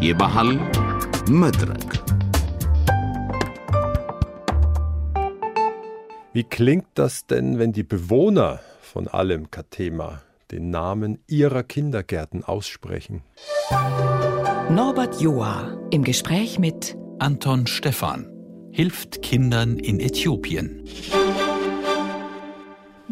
يبحل مدرك Wie klingt das denn, wenn die Bewohner von allem Katema den Namen ihrer Kindergärten aussprechen? Norbert Joa im Gespräch mit Anton Stefan hilft Kindern in Äthiopien.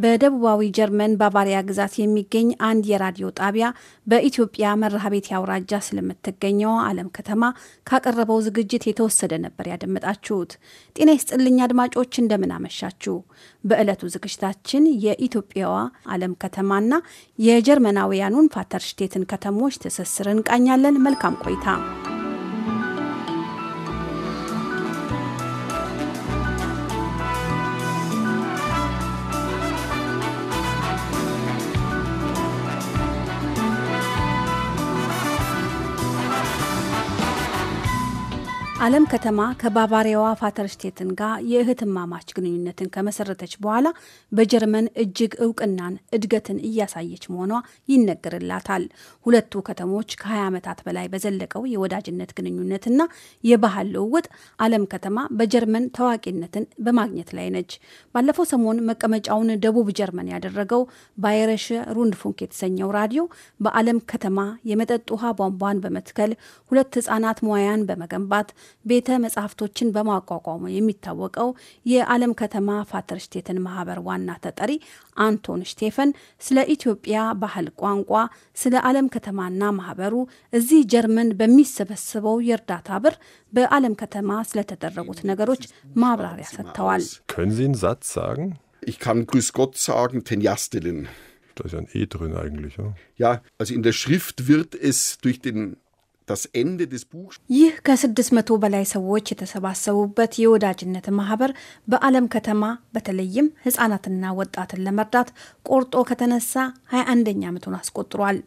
በደቡባዊ ጀርመን ባቫሪያ ግዛት የሚገኝ አንድ የራዲዮ ጣቢያ በኢትዮጵያ መርሐቤቴ አውራጃ ስለምትገኘው ዓለም ከተማ ካቀረበው ዝግጅት የተወሰደ ነበር ያደመጣችሁት። ጤና ይስጥልኝ አድማጮች፣ እንደምን አመሻችሁ። በዕለቱ ዝግጅታችን የኢትዮጵያዋ ዓለም ከተማና የጀርመናውያኑን ፋተርሽቴትን ከተሞች ትስስር እንቃኛለን። መልካም ቆይታ አለም ከተማ ከባቫሪያዋ ፋተርስቴትን ጋር የእህትማማች ግንኙነትን ከመሰረተች በኋላ በጀርመን እጅግ እውቅናን፣ እድገትን እያሳየች መሆኗ ይነገርላታል። ሁለቱ ከተሞች ከ20 ዓመታት በላይ በዘለቀው የወዳጅነት ግንኙነትና የባህል ልውውጥ አለም ከተማ በጀርመን ታዋቂነትን በማግኘት ላይ ነች። ባለፈው ሰሞን መቀመጫውን ደቡብ ጀርመን ያደረገው ባየረሽ ሩንድፉንክ የተሰኘው ራዲዮ በአለም ከተማ የመጠጥ ውሃ ቧንቧን በመትከል ሁለት ህጻናት ሙያን በመገንባት ቤተ መጻሕፍቶችን በማቋቋሙ የሚታወቀው የዓለም ከተማ ፋተር ሽቴትን ማህበር ዋና ተጠሪ አንቶን ሽቴፈን ስለ ኢትዮጵያ ባህል፣ ቋንቋ፣ ስለ ዓለም ከተማና ማህበሩ እዚህ ጀርመን በሚሰበስበው የእርዳታ ብር በዓለም ከተማ ስለተደረጉት ነገሮች ማብራሪያ ሰጥተዋል። ከንዚን ዛት ሳግን Ich kann Grüß Gott sagen, Jastelin. Da ist ein E drin eigentlich, ja? Ja, also in der Schrift wird es durch den das Ende des Buchs ይህ ከ600 በላይ ሰዎች የተሰባሰቡበት የወዳጅነት ማህበር በዓለም ከተማ በተለይም ህጻናትና ወጣትን ለመርዳት ቆርጦ ከተነሳ 21ኛ ዓመቱን አስቆጥሯል።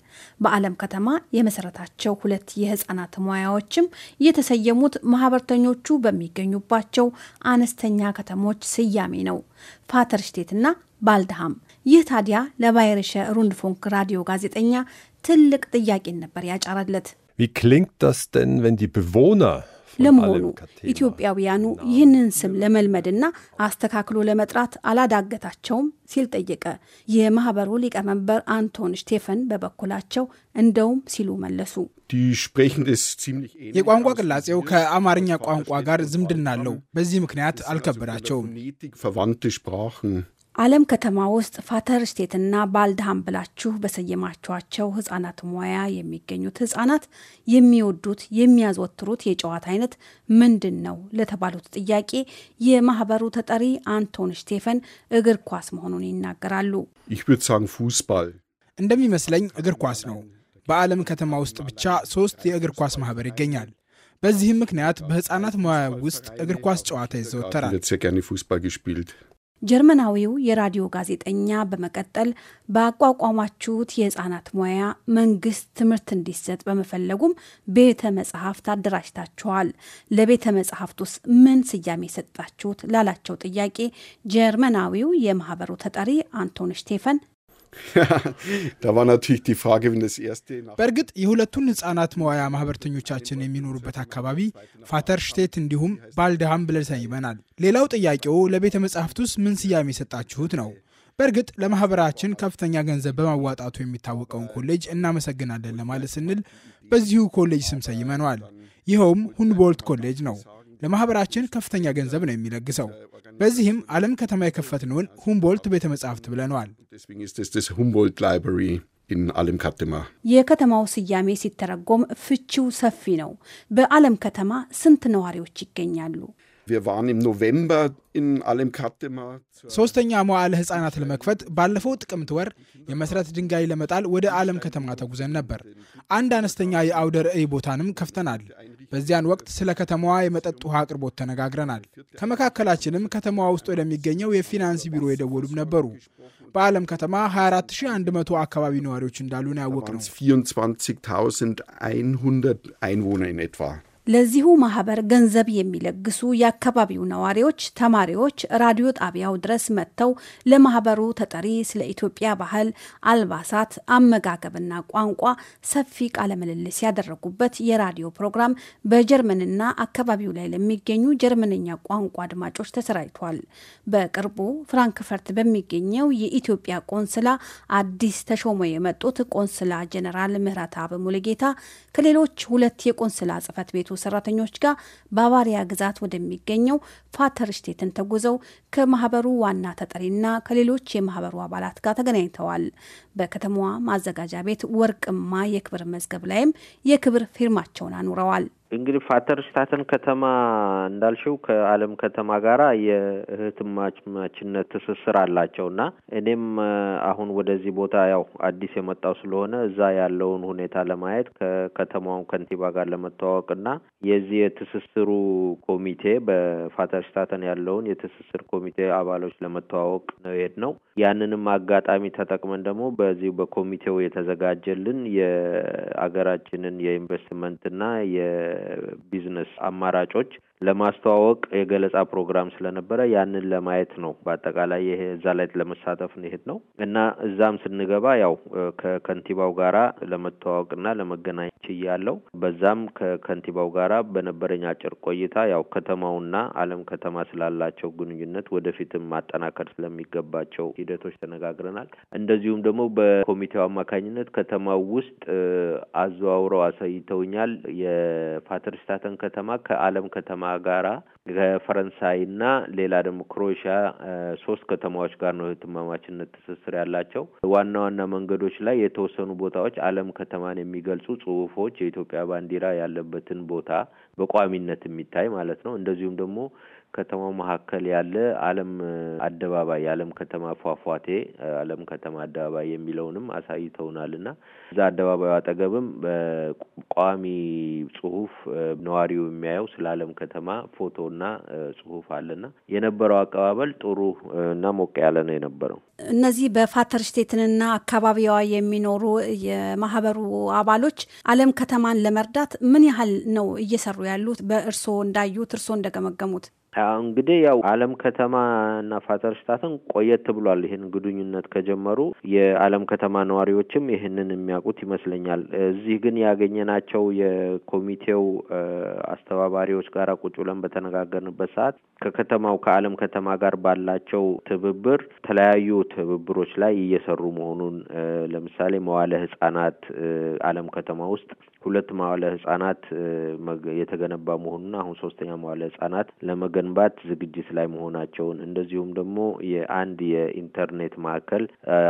በዓለም ከተማ የመሰረታቸው ሁለት የህጻናት ሙያዎችም የተሰየሙት ማህበርተኞቹ በሚገኙባቸው አነስተኛ ከተሞች ስያሜ ነው ፋተርሽቴትና ባልድሃም። ይህ ታዲያ ለባይርሸ ሩንድፎንክ ራዲዮ ጋዜጠኛ ትልቅ ጥያቄን ነበር ያጫረለት። Wie klingt das denn, wenn die Bewohner ለመሆኑ ኢትዮጵያውያኑ ይህንን ስም ለመልመድና አስተካክሎ ለመጥራት አላዳገታቸውም ሲል ጠየቀ። የማህበሩ ሊቀመንበር አንቶን ስቴፈን በበኩላቸው እንደውም ሲሉ መለሱ። የቋንቋ ቅላጼው ከአማርኛ ቋንቋ ጋር ዝምድና አለው። በዚህ ምክንያት አልከበዳቸውም። አለም ከተማ ውስጥ ፋተር ስቴትና ባልድሃም ብላችሁ በሰየማችኋቸው ህጻናት ሙያ የሚገኙት ህጻናት የሚወዱት የሚያዘወትሩት የጨዋታ አይነት ምንድን ነው ለተባሉት ጥያቄ የማህበሩ ተጠሪ አንቶን ሽቴፈን እግር ኳስ መሆኑን ይናገራሉ። ፉስባል እንደሚመስለኝ እግር ኳስ ነው። በዓለም ከተማ ውስጥ ብቻ ሶስት የእግር ኳስ ማህበር ይገኛል። በዚህም ምክንያት በህፃናት ሙያ ውስጥ እግር ኳስ ጨዋታ ይዘወተራል። ጀርመናዊው የራዲዮ ጋዜጠኛ በመቀጠል በአቋቋማችሁት የህፃናት ሙያ መንግስት ትምህርት እንዲሰጥ በመፈለጉም ቤተ መጽሐፍት አደራጅታችኋል። ለቤተ መጽሐፍት ውስጥ ምን ስያሜ የሰጣችሁት ላላቸው ጥያቄ ጀርመናዊው የማህበሩ ተጠሪ አንቶን ሽቴፈን በእርግጥ የሁለቱን ህጻናት መዋያ ማህበርተኞቻችን የሚኖሩበት አካባቢ ሽቴት እንዲሁም ባልድሃም ብለን ሰይመናል። ሌላው ጥያቄው ለቤተ መጻሕፍት ውስጥ ምን ስያሜ የሰጣችሁት ነው። በእርግጥ ለማህበራችን ከፍተኛ ገንዘብ በማዋጣቱ የሚታወቀውን ኮሌጅ እናመሰግናለን ለማለት ስንል በዚሁ ኮሌጅ ስም ሰይመነዋል። ይኸውም ሁንቦልት ኮሌጅ ነው። ለማህበራችን ከፍተኛ ገንዘብ ነው የሚለግሰው። በዚህም ዓለም ከተማ የከፈትነውን ሁምቦልት ቤተ መጻሕፍት ብለነዋል። የከተማው ስያሜ ሲተረጎም ፍቺው ሰፊ ነው። በዓለም ከተማ ስንት ነዋሪዎች ይገኛሉ? ሶስተኛ መዋዕለ ሕፃናት ለመክፈት ባለፈው ጥቅምት ወር የመሰረት ድንጋይ ለመጣል ወደ ዓለም ከተማ ተጉዘን ነበር። አንድ አነስተኛ የአውደ ርዕይ ቦታንም ከፍተናል። በዚያን ወቅት ስለ ከተማዋ የመጠጥ ውሃ አቅርቦት ተነጋግረናል። ከመካከላችንም ከተማዋ ውስጥ ወደሚገኘው የፊናንስ ቢሮ የደወሉም ነበሩ። በዓለም ከተማ 24100 አካባቢ ነዋሪዎች ያወቅ ነው ያወቅነው። ለዚሁ ማህበር ገንዘብ የሚለግሱ የአካባቢው ነዋሪዎች፣ ተማሪዎች ራዲዮ ጣቢያው ድረስ መጥተው ለማህበሩ ተጠሪ ስለ ኢትዮጵያ ባህል፣ አልባሳት፣ አመጋገብና ቋንቋ ሰፊ ቃለምልልስ ያደረጉበት የራዲዮ ፕሮግራም በጀርመንና አካባቢው ላይ ለሚገኙ ጀርመንኛ ቋንቋ አድማጮች ተሰራጭቷል። በቅርቡ ፍራንክፈርት በሚገኘው የኢትዮጵያ ቆንስላ አዲስ ተሾሞ የመጡት ቆንስላ ጀኔራል ምህረተአብ ሙሉጌታ ከሌሎች ሁለት የቆንስላ ጽህፈት ቤቶች ሰራተኞች ጋር ባቫሪያ ግዛት ወደሚገኘው ፋተር ሽቴትን ተጉዘው ከማህበሩ ዋና ተጠሪና ከሌሎች የማህበሩ አባላት ጋር ተገናኝተዋል። በከተማዋ ማዘጋጃ ቤት ወርቅማ የክብር መዝገብ ላይም የክብር ፊርማቸውን አኑረዋል። እንግዲህ ፋተርስታተን ከተማ እንዳልሽው ከአለም ከተማ ጋራ የእህትማማችነት ትስስር አላቸው እና እኔም አሁን ወደዚህ ቦታ ያው አዲስ የመጣው ስለሆነ እዛ ያለውን ሁኔታ ለማየት ከከተማውን ከንቲባ ጋር ለመተዋወቅ እና የዚህ የትስስሩ ኮሚቴ በፋተርሽታተን ያለውን የትስስር ኮሚቴ አባሎች ለመተዋወቅ ነው ነው። ያንንም አጋጣሚ ተጠቅመን ደግሞ በዚህ በኮሚቴው የተዘጋጀልን የአገራችንን የኢንቨስትመንትና የ የቢዝነስ አማራጮች ለማስተዋወቅ የገለጻ ፕሮግራም ስለነበረ ያንን ለማየት ነው። በአጠቃላይ ይሄ እዛ ላይ ለመሳተፍ ሄድ ነው እና እዛም ስንገባ ያው ከከንቲባው ጋራ ለመተዋወቅና ለመገናኘት ችያለሁ። በዛም ከከንቲባው ጋራ በነበረኝ አጭር ቆይታ ያው ከተማውና ዓለም ከተማ ስላላቸው ግንኙነት ወደፊትም ማጠናከር ስለሚገባቸው ሂደቶች ተነጋግረናል። እንደዚሁም ደግሞ በኮሚቴው አማካኝነት ከተማው ውስጥ አዘዋውረው አሳይተውኛል። የፓተርሲታተን ከተማ ከዓለም ከተማ ጋራ ከፈረንሳይና ሌላ ደግሞ ክሮኤሽያ ሶስት ከተማዎች ጋር ነው የትማማችነት ትስስር ያላቸው። ዋና ዋና መንገዶች ላይ የተወሰኑ ቦታዎች ዓለም ከተማን የሚገልጹ ጽሁፎች፣ የኢትዮጵያ ባንዲራ ያለበትን ቦታ በቋሚነት የሚታይ ማለት ነው። እንደዚሁም ደግሞ ከተማው መካከል ያለ አለም አደባባይ የአለም ከተማ ፏፏቴ አለም ከተማ አደባባይ የሚለውንም አሳይተውናል ና እዛ አደባባዩ አጠገብም በቋሚ ጽሁፍ ነዋሪው የሚያየው ስለ አለም ከተማ ፎቶና ጽሁፍ ና የነበረው አቀባበል ጥሩ እና ሞቅ ያለ ነው የነበረው። እነዚህ በፋተር ስቴትንና አካባቢዋ የሚኖሩ የማህበሩ አባሎች አለም ከተማን ለመርዳት ምን ያህል ነው እየሰሩ ያሉት? በእርስዎ እንዳዩት እርስዎ እንደገመገሙት እንግዲህ ያው አለም እና ፋተር ስታትን ቆየት ብሏል። ይህን ግንኙነት ከጀመሩ የአለም ከተማ ነዋሪዎችም ይህንን የሚያውቁት ይመስለኛል። እዚህ ግን ያገኘናቸው የኮሚቴው አስተባባሪዎች ጋር ቁጭ ብለን በተነጋገርንበት ሰዓት ከከተማው ከአለም ከተማ ጋር ባላቸው ትብብር የተለያዩ ትብብሮች ላይ እየሰሩ መሆኑን ለምሳሌ መዋለ ህጻናት አለም ከተማ ውስጥ ሁለት መዋለ ህጻናት የተገነባ መሆኑና አሁን ሶስተኛ መዋለ ህጻናት ለመገ ለመገንባት ዝግጅት ላይ መሆናቸውን እንደዚሁም ደግሞ የአንድ የኢንተርኔት ማዕከል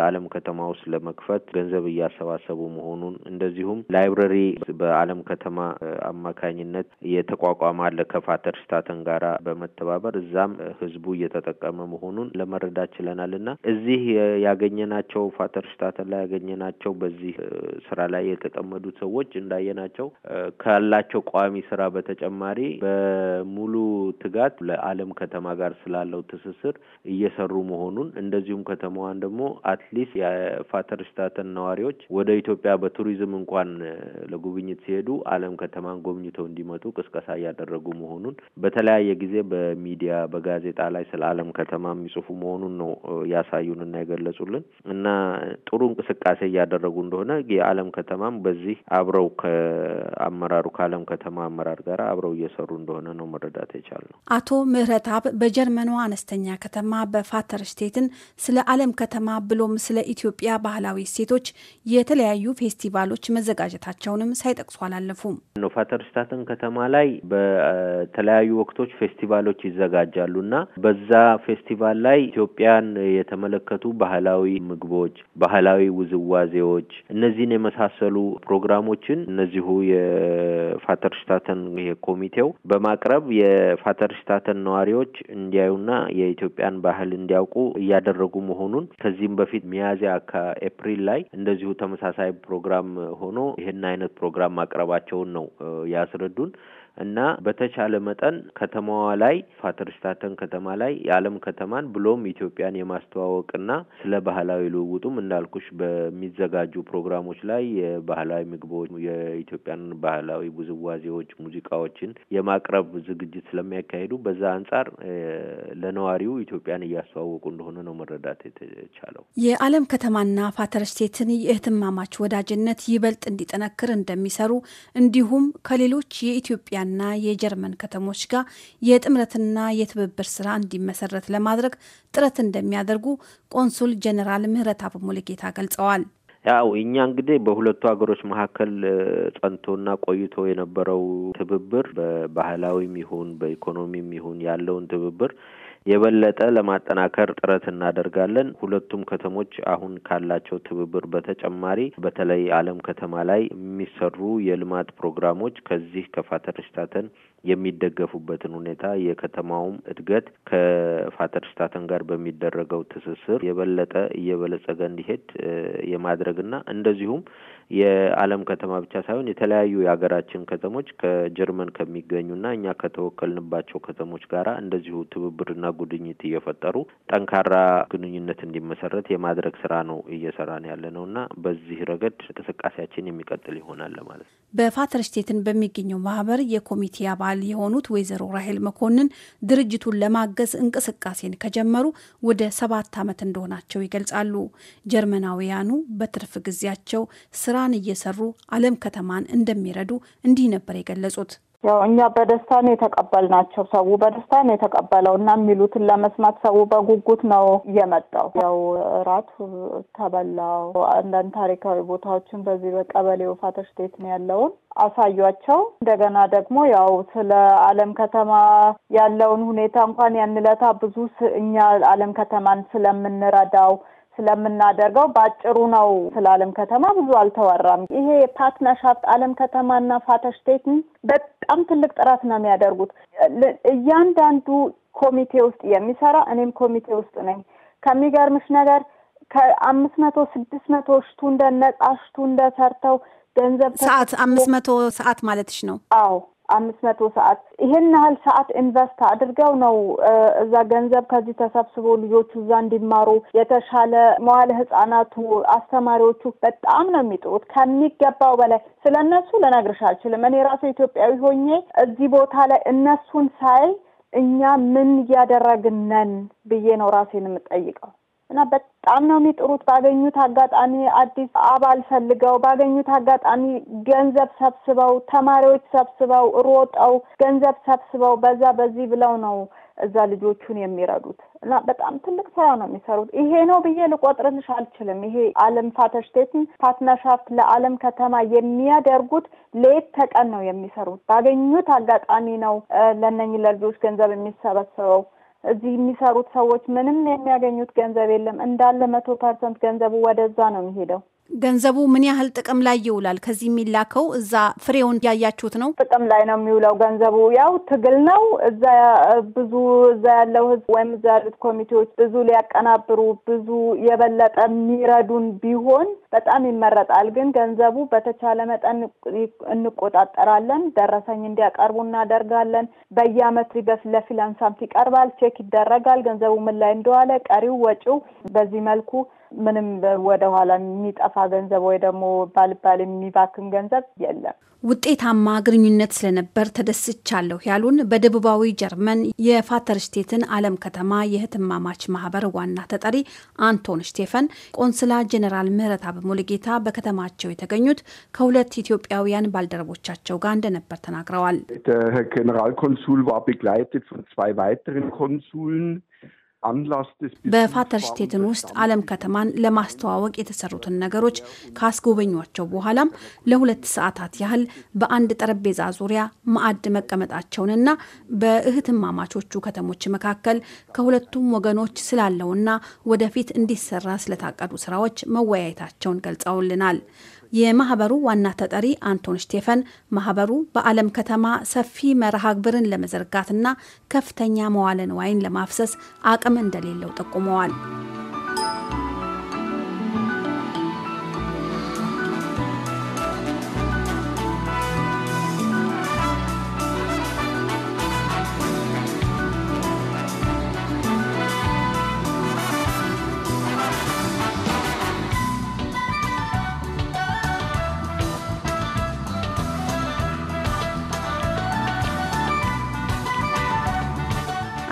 አለም ከተማ ውስጥ ለመክፈት ገንዘብ እያሰባሰቡ መሆኑን እንደዚሁም ላይብረሪ በአለም ከተማ አማካኝነት የተቋቋመ አለ ከፋተርሽታተን ጋራ በመተባበር እዛም ህዝቡ እየተጠቀመ መሆኑን ለመረዳት ችለናል እና እዚህ ያገኘናቸው ስታተን ላይ ያገኘናቸው በዚህ ስራ ላይ የተጠመዱ ሰዎች እንዳየናቸው ካላቸው ቋሚ ስራ በተጨማሪ በሙሉ ትጋት ለዓለም ከተማ ጋር ስላለው ትስስር እየሰሩ መሆኑን እንደዚሁም ከተማዋን ደግሞ አትሊስት የፋተርሽታተን ነዋሪዎች ወደ ኢትዮጵያ በቱሪዝም እንኳን ለጉብኝት ሲሄዱ ዓለም ከተማን ጎብኝተው እንዲመጡ ቅስቀሳ እያደረጉ መሆኑን በተለያየ ጊዜ በሚዲያ በጋዜጣ ላይ ስለ ዓለም ከተማ የሚጽፉ መሆኑን ነው እና የገለጹልን እና ጥሩ እንቅስቃሴ እያደረጉ እንደሆነ የዓለም ከተማም በዚህ አብረው ከአመራሩ ከዓለም ከተማ አመራር ጋር አብረው እየሰሩ እንደሆነ ነው መረዳት የቻል ነው። አቶ አብ በጀርመኗ አነስተኛ ከተማ በፋተርሽቴትን ስለ ዓለም ከተማ ብሎም ስለ ኢትዮጵያ ባህላዊ እሴቶች የተለያዩ ፌስቲቫሎች መዘጋጀታቸውንም ሳይጠቅሱ አላለፉም። ፋተርሽታትን ከተማ ላይ በተለያዩ ወቅቶች ፌስቲቫሎች ይዘጋጃሉ እና በዛ ፌስቲቫል ላይ ኢትዮጵያን የተመለከቱ ባህላዊ ምግቦች፣ ባህላዊ ውዝዋዜዎች፣ እነዚህን የመሳሰሉ ፕሮግራሞችን እነዚሁ የፋተርሽታትን ኮሚቴው በማቅረብ የፋተርሽታ የሸራተን ነዋሪዎች እንዲያዩና የኢትዮጵያን ባህል እንዲያውቁ እያደረጉ መሆኑን ከዚህም በፊት ሚያዚያ ከኤፕሪል ላይ እንደዚሁ ተመሳሳይ ፕሮግራም ሆኖ ይህን አይነት ፕሮግራም ማቅረባቸውን ነው ያስረዱን። እና በተቻለ መጠን ከተማዋ ላይ ፋተርሽታተን ከተማ ላይ የዓለም ከተማን ብሎም ኢትዮጵያን የማስተዋወቅና ስለ ባህላዊ ልውውጡም እንዳልኩሽ በሚዘጋጁ ፕሮግራሞች ላይ የባህላዊ ምግቦች፣ የኢትዮጵያን ባህላዊ ውዝዋዜዎች፣ ሙዚቃዎችን የማቅረብ ዝግጅት ስለሚያካሂዱ በዛ አንጻር ለነዋሪው ኢትዮጵያን እያስተዋወቁ እንደሆነ ነው መረዳት የተቻለው። የዓለም ከተማና ፋተርስቴትን የእህትማማች ወዳጅነት ይበልጥ እንዲጠነክር እንደሚሰሩ እንዲሁም ከሌሎች የኢትዮጵያ የአውሮፓና የጀርመን ከተሞች ጋር የጥምረትና የትብብር ስራ እንዲመሰረት ለማድረግ ጥረት እንደሚያደርጉ ቆንሱል ጀኔራል ምህረተአብ ሙሉጌታ ገልጸዋል። ያው እኛ እንግዲህ በሁለቱ ሀገሮች መካከል ጸንቶና ቆይቶ የነበረው ትብብር በባህላዊም ይሁን በኢኮኖሚም ይሁን ያለውን ትብብር የበለጠ ለማጠናከር ጥረት እናደርጋለን። ሁለቱም ከተሞች አሁን ካላቸው ትብብር በተጨማሪ በተለይ አለም ከተማ ላይ የሚሰሩ የልማት ፕሮግራሞች ከዚህ ከፋተርሽታተን የሚደገፉበትን ሁኔታ የከተማውም እድገት ከፋተርሽታተን ጋር በሚደረገው ትስስር የበለጠ እየበለጸገ እንዲሄድ የማድረግና እንደዚሁም የዓለም ከተማ ብቻ ሳይሆን የተለያዩ የሀገራችን ከተሞች ከጀርመን ከሚገኙና እኛ ከተወከልንባቸው ከተሞች ጋር እንደዚሁ ትብብርና ጉድኝት እየፈጠሩ ጠንካራ ግንኙነት እንዲመሰረት የማድረግ ስራ ነው ነው ያለ ነው እና በዚህ ረገድ እንቅስቃሴያችን የሚቀጥል ይሆናል ማለት ነው። በፋተር በሚገኘው ማህበር የኮሚቴ አባል የሆኑት ወይዘሮ ራሄል መኮንን ድርጅቱን ለማገዝ እንቅስቃሴን ከጀመሩ ወደ ሰባት ዓመት እንደሆናቸው ይገልጻሉ። ጀርመናውያኑ በትርፍ ጊዜያቸው ስራ ስራን እየሰሩ አለም ከተማን እንደሚረዱ እንዲህ ነበር የገለጹት። ያው እኛ በደስታ ነው የተቀበልናቸው። ሰው በደስታ ነው የተቀበለው እና የሚሉትን ለመስማት ሰው በጉጉት ነው እየመጣው። ያው እራት ተበላው። አንዳንድ ታሪካዊ ቦታዎችን በዚህ በቀበሌው ፋተር ስቴት ነው ያለውን አሳያቸው። እንደገና ደግሞ ያው ስለ አለም ከተማ ያለውን ሁኔታ እንኳን ያን ዕለት ብዙ እኛ አለም ከተማን ስለምንረዳው ስለምናደርገው በአጭሩ ነው። ስለ አለም ከተማ ብዙ አልተወራም። ይሄ ፓርትነርሻፕ አለም ከተማና ፋተሽቴት በጣም ትልቅ ጥረት ነው የሚያደርጉት። እያንዳንዱ ኮሚቴ ውስጥ የሚሰራ እኔም ኮሚቴ ውስጥ ነኝ። ከሚገርምሽ ነገር ከአምስት መቶ ስድስት መቶ ሽቱ ነጻ ሽቱንደ ሰርተው ገንዘብ ሰዓት አምስት መቶ ሰዓት ማለትሽ ነው? አዎ አምስት መቶ ሰዓት ይሄን ያህል ሰዓት ኢንቨስት አድርገው ነው እዛ ገንዘብ ከዚህ ተሰብስቦ ልጆቹ እዛ እንዲማሩ የተሻለ መዋለ ህጻናቱ አስተማሪዎቹ በጣም ነው የሚጥሩት ከሚገባው በላይ ስለ እነሱ ልነግርሽ አልችልም። እኔ ራሱ ኢትዮጵያዊ ሆኜ እዚህ ቦታ ላይ እነሱን ሳይ እኛ ምን እያደረግነን ብዬ ነው ራሴን የምጠይቀው። እና በጣም ነው የሚጥሩት። ባገኙት አጋጣሚ አዲስ አባል ፈልገው፣ ባገኙት አጋጣሚ ገንዘብ ሰብስበው፣ ተማሪዎች ሰብስበው፣ ሮጠው ገንዘብ ሰብስበው በዛ በዚህ ብለው ነው እዛ ልጆቹን የሚረዱት እና በጣም ትልቅ ስራ ነው የሚሰሩት። ይሄ ነው ብዬ ልቆጥርልሽ አልችልም። ይሄ አለም ፋተሽቴትን ፓርትነርሻፍት ለአለም ከተማ የሚያደርጉት ሌት ተቀን ነው የሚሰሩት። ባገኙት አጋጣሚ ነው ለነኝ ለልጆች ገንዘብ የሚሰበሰበው። እዚህ የሚሰሩት ሰዎች ምንም የሚያገኙት ገንዘብ የለም። እንዳለ መቶ ፐርሰንት ገንዘቡ ወደዛ ነው የሚሄደው። ገንዘቡ ምን ያህል ጥቅም ላይ ይውላል? ከዚህ የሚላከው እዛ ፍሬውን ያያችሁት ነው። ጥቅም ላይ ነው የሚውለው ገንዘቡ። ያው ትግል ነው። እዛ ብዙ እዛ ያለው ህዝብ ወይም እዛ ያሉት ኮሚቴዎች ብዙ ሊያቀናብሩ ብዙ የበለጠ የሚረዱን ቢሆን በጣም ይመረጣል። ግን ገንዘቡ በተቻለ መጠን እንቆጣጠራለን። ደረሰኝ እንዲያቀርቡ እናደርጋለን። በየአመት ለፊላንሳንስ ይቀርባል፣ ቼክ ይደረጋል፣ ገንዘቡ ምን ላይ እንደዋለ፣ ቀሪው ወጪው። በዚህ መልኩ ምንም ወደኋላ የሚጠፋ ገንዘብ ወይ ደግሞ ባልባል የሚባክን ገንዘብ የለም። ውጤታማ ግንኙነት ስለነበር ተደስቻለሁ ያሉን በደቡባዊ ጀርመን የፋተርሽቴትን ዓለም ከተማ የህትማማች ማህበር ዋና ተጠሪ አንቶን ስቴፈን ቆንስላ ጀኔራል ምህረተአብ ሙሉጌታ በከተማቸው የተገኙት ከሁለት ኢትዮጵያውያን ባልደረቦቻቸው ጋር እንደነበር ተናግረዋል። ጀነራል ኮንሱል በፋተርሽቴትን ውስጥ አለም ከተማን ለማስተዋወቅ የተሰሩትን ነገሮች ካስጎበኟቸው በኋላም ለሁለት ሰዓታት ያህል በአንድ ጠረጴዛ ዙሪያ ማዕድ መቀመጣቸውንና በእህትማማቾቹ ከተሞች መካከል ከሁለቱም ወገኖች ስላለውና ወደፊት እንዲሰራ ስለታቀዱ ስራዎች መወያየታቸውን ገልጸውልናል። የማህበሩ ዋና ተጠሪ አንቶን ስቴፈን ማህበሩ በአለም ከተማ ሰፊ መርሃ ግብርን ለመዘርጋትና ከፍተኛ መዋለ ንዋይን ለማፍሰስ አቅም እንደሌለው ጠቁመዋል።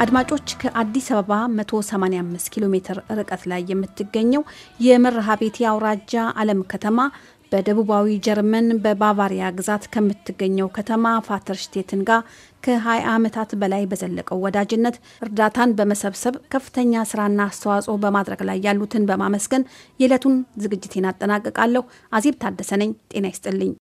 አድማጮች ከአዲስ አበባ 185 ኪሎ ሜትር ርቀት ላይ የምትገኘው የመርሃ ቤቴ አውራጃ አለም ከተማ በደቡባዊ ጀርመን በባቫሪያ ግዛት ከምትገኘው ከተማ ፋተርሽቴትን ጋር ከ20 ዓመታት በላይ በዘለቀው ወዳጅነት እርዳታን በመሰብሰብ ከፍተኛ ስራና አስተዋጽኦ በማድረግ ላይ ያሉትን በማመስገን የዕለቱን ዝግጅቴን አጠናቅቃለሁ። አዜብ ታደሰ ነኝ። ጤና ይስጥልኝ።